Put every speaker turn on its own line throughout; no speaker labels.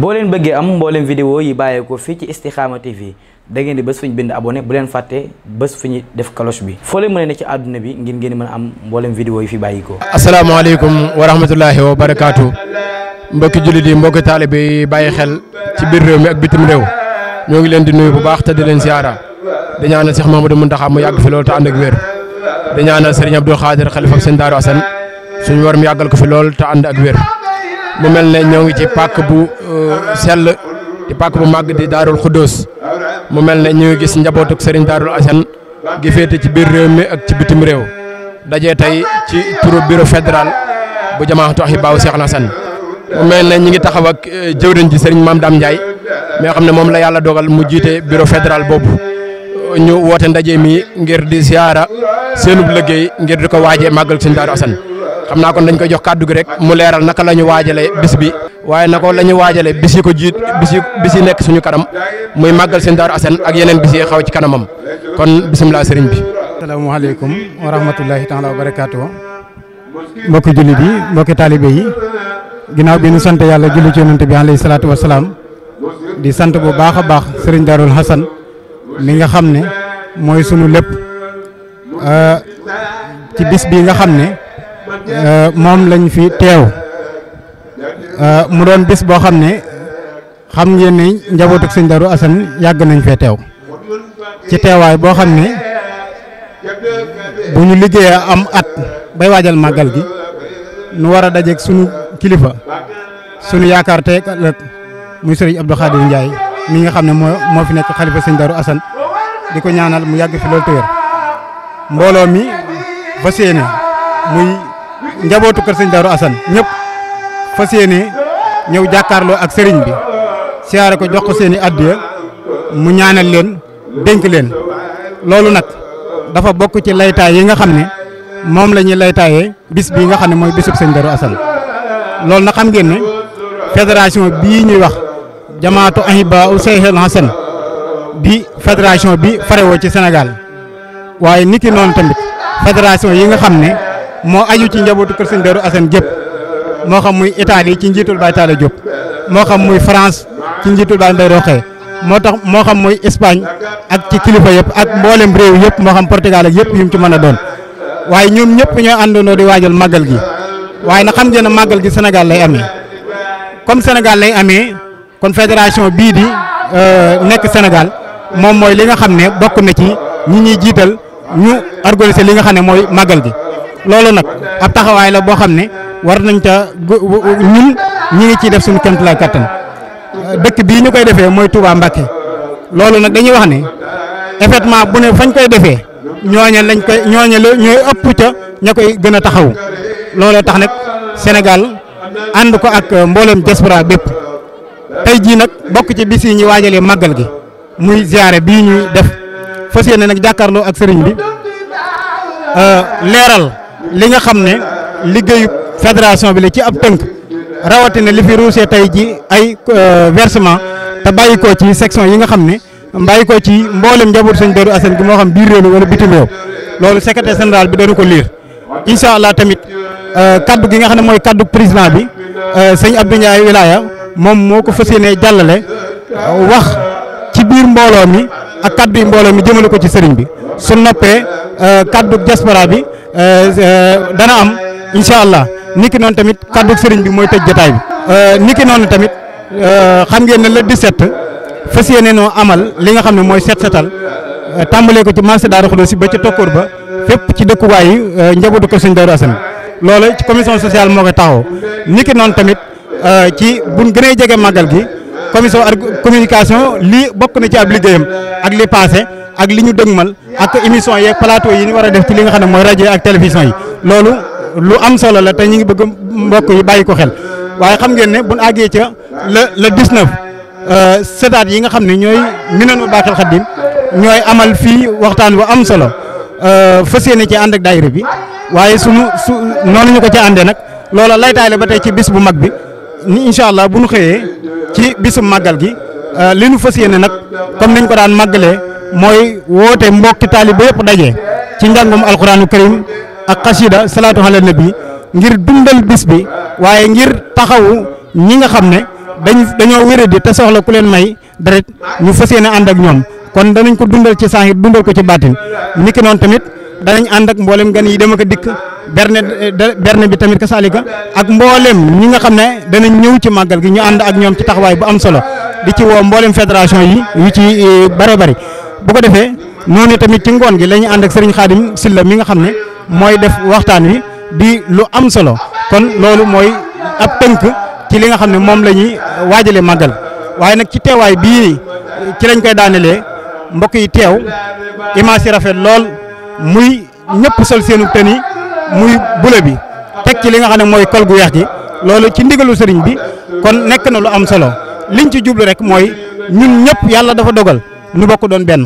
boo leen bëggee am mbooleem vidéo yi bàyyeekoo fii ci Istikhama TV da ngeen di bés fu ñu bind abonné bu leen fàtte bés fu ñu def cloche bi foo leen mën a ne ci àdduna bi ngir ngeen mën a am mbooleem vidéo yi fi bàyyi ko
asalaamaaleykum wa rahmatulahi wa barakaatu mbokki jullit yi mbokki taalibe yi bàyyi xel ci biir réew mi ak bitim réew ñoo ngi leen di nuyu bu baax te di leen siyaara di ñaanal Cheikh Mamadou Mountakha mu yàgg fi loolu te ànd ak wér di ñaanal Serigne Abdou Khadir Khalifa ak seen Daaru Assane suñu war mu yàggal ko fi lool te ànd ak wér mu mel ne ñoo ngi ci pakk bu euh, sell di pàkk bu màgg di daarul xuddoos mu mel ne ñu ngi gis njabootuk sëriñ daarul asan gi féete ci biir réew mi ak ci bitim réew dajee tey ci turu bureau fédéral bu jamaatu ahibaaw Cheikh Hassane mu mel ne ñu ngi taxaw ak euh, jëwriñ ji sëriñ maam daam Ndiaye mi xam ne moom la yàlla dogal mu jiite bureau fédéral boobu ñu woote ndaje mi ngir di siyaara seenub liggéey ngir di ko waajee màggal sëriñ daarul asan xam naa kon dañ koy jox kàddu gi rek mu leeral naka la ñu waajalee bis bi waaye naka la ñu waajalee bis yi ko jiit bis yi bis nekk suñu kanam muy màggal seen Daaru Asan ak yeneen bis yi xaw ci kanamam kon bisimilah sëriñ bi.
asalaamaaleykum wa rahmatulahi taala wa barakaatu. mbokki jullit yi mbokki taalibe yi ginnaaw bi ñu sant yàlla julli ci yonante bi alayhi salaatu wa salaam di sant bu baax a baax sëriñ Daarul Hasan mi nga xam ne mooy sunu lépp euh, ci bis bi nga xam ne. Euh, moom lañ fi teew euh, mu doon bis boo xam ne xam ngeen ne njabootu sëñ Darou Assane yàgg nañ fee teew ci teewaay boo xam ne bu ñu liggéeyee am at bay waajal màggal gi nu war a dajeeg sunu kilifa sunu yaakaar te ëllëg muy sëriñ Abdou Khadir Ndiaye mi nga xam ne moo moo fi nekk xalifa sëñ Darou Assane di ko ñaanal mu yàgg fi loolu téwér mbooloo mi fas yéene muy njabootu kër sëñ Daaru Assane ñëpp fa yéene ñëw jàkkaarloo ak sëriñ bi siyaare ko jox ko seen i addiya mu ñaanal leen dénk leen loolu nag dafa bokk ci laytaay yi nga xam ne moom lañuy ñuy laytaayee bis bii nga xam ne mooy bisub sëñ Daaru asan loolu nag xam ngeen ne bii ñuy wax jamaatu ahiba u Seyxul Hasan di fédération bi farewoo ci Sénégal waaye niki noonu tamit fédération yi nga xam ne moo aju ci njabootu kër sëñ Darou Assane jëpp moo xam muy Italie ci njiitul Baye Talla Diop moo xam muy France ci njiitul Baye Mbaye Roxee moo tax moo xam muy Espagne ak ci kilifa yëpp ak mboolem réew yëpp moo xam Portugal ak yëpp yu mu ci mën a doon waaye ñoom ñëpp ñoo àndandoo di waajal màggal gi waaye na xam ngeen ne màggal gi Sénégal lay amee comme Sénégal lay amee kon fédération bii di euh, nekk Sénégal moom mooy li nga xam ne bokk na ci ñi ñuy jiital ñu organiser li nga xam ne mooy màggal gi. loolu nag ab taxawaay la boo xam ne war nañ ca ñun ñi ngi ciy def suñu kémt la kattan dëkk bii ñu koy defee mooy Touba Mbacké loolu nag dañuy wax ne effectivement bu ne fañ koy defee ñooña lañ koy ñooña la ñooy ëpp ca ña koy gën a taxaw looloo tax nag Sénégal ànd ko ak mboolem diaspora bépp tey jii nag bokk ci bi yi ñu waajalee màggal gi muy ziare bii ñuy def fas yéene nag jàkkaarloo ak sëriñ bi euh, leeral li nga xam ne liggéeyu fédération bi la ci ab tënk rawatina li fi ruusee tey ji ay euh, versement te bàyyi ko ci section yi nga xam ne bàyyi ko ci mboolem njaboot sëñ Darou Assane gi moo xam biir réew mi wala bitim réew loolu secrétaire général bi dana ko liir incha allah tamit euh, kaddu gi nga xam ne mooy kaddu président bi euh, sëñ Abdou Ndiaye wilaya moom moo ko fas yéenee jàllale wax ci biir mbooloo mi ak kaddu yi mbooloo mi jëmale ko ci sëriñ bi. su noppee euh, kaddu diaspora bi euh, euh, dana am incha allah niki noonu tamit kaddu sëriñ bi mooy tëj jotaay bi. niki noonu tamit xam ngeen ne di set fas yéene noo amal li nga xam ne mooy set setal tàmbalee ko ci marché Darou Khoudoss ba ci tokkoor ba fépp ci dëkkuwaay yi njabootu ko sëñ Darou Assane loola ci commission sociale moo koy taxaw niki noonu tamit ci bu gënee jege màggal gi commission communication lii bokk na ci ab liggéeyam ak li passé. ak li ñu dëgmal ak émission yeeg plateau yi ñu war a def ci li nga xam ne mooy rajo ak télévision yi loolu lu am solo la te ñu ngi bëgg mbokk yi bàyyi ko xel waaye xam ngeen ne bu ñu àggee ca le le 19 euh, sedaat yi nga xam ne ñooy Minanu Baaxil Xaddim ñooy amal fii waxtaan bu am solo euh, fas yéene ci ànd ak daayira bi waaye sunu su noonu ñu ko ca àndee nag loola laytaay la ba tey ci bis bu mag bi ni incha allah bu ñu xëyee ci bisum màggal gi euh, li ñu fas yéene nag comme niñ ko daan màggalee. mooy woote mbokki taaliba yëpp daje ci njàngum alquraanu karim ak xasida salaatu ala nabi ngir dundal bis bi waaye ngir taxawu ñi nga xam ne dañ dañoo wéradi te soxla ku leen may deret ñu fas yéene ànd ak ñoom kon danañ ko dundal ci saahir dundal ko ci baatin niki noonu tamit danañ ànd ak mbooleem gan yi dem ak dikk berne bi tamit kasaalika ak mboolem ñi nga xam ne danañ ñëw ci màggal gi ñu ànd ak ñoom ci taxawaay bu am solo di ci woo mboolem fédération yi yu eh, bari bu ko defee noonu tamit ci ngoon gi la ñuy ànd ak sëriñ Xaadim Silla mi nga xam ne mooy def waxtaan wi di lu am solo kon loolu mooy ab tënk ci li nga xam ne moom lañuy ñuy waajale màggal waaye nag ci teewaay bii ci lañ koy daanelee mbokk yi teew image yi rafet lool muy ñëpp sol seenu tëni muy bula bi teg ci li nga xam ne mooy kol gu weex gi loolu ci ndigalu sëriñ bi kon nekk na lu am solo liñ ci jublu rek mooy ñun ñëpp yàlla dafa dogal ñu bokk doon benn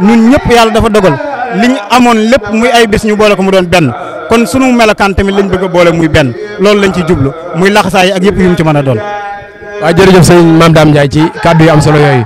ñun ñëpp yàlla dafa dogal li amoon lépp muy ay bis ñu boole ko mu doon benn kon sunu melokaan tamit lañ bëgg
boole muy benn loolu lañ ciy jublu muy laxasaay ak yëpp yu mu ci mën a doon. waa jërëjëf sëñ Mame Dame Ndiaye ci kàddu yu am solo yooyu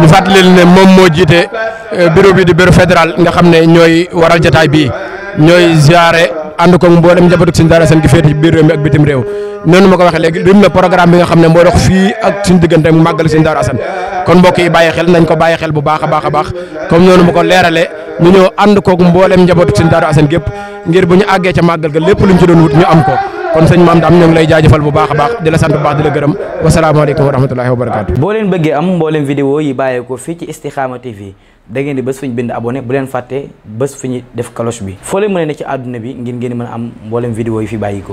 ñu fàttali leen ne moom moo jiite euh, bureau bi di bureau fédéral nga xam ne ñooy waral jataay bii ñooy ziare ànd ko mboolem njabootu sëñ Daara Seen gi féete ci biir réew mi ak bitim réew noonu ma ko waxee léegi lim na programme bi nga xam ne moo dox fii ak suñu diggante màggal sëñ Daara Seen kon mbokk yi bàyyi xel nañ ko bàyyi xel bu baax a baax a baax comme noonu mu ko leeralee ñu ñëw ànd koog mboolem njabootu Serigne Darou Assane gépp ngir bu ñu àggee ca màggal ga lépp ñu ci doon wut ñu am ko kon sëñ maam daam ñu lay jaajëfal bu baax a baax di la sant bu baax di la gërëm wasalaamaaleykum wa rahmatulahi wa barakaatu.
boo leen bëggee am mboolem vidéo yi bàyyeekoo fii ci Istikhama TV da di bés fu ñu bind abonné bu leen fàtte bés fu ñu def cloche foo leen mën ne bi ngir ngeen mën a am mboolem vidéo yi fi bàyyikoo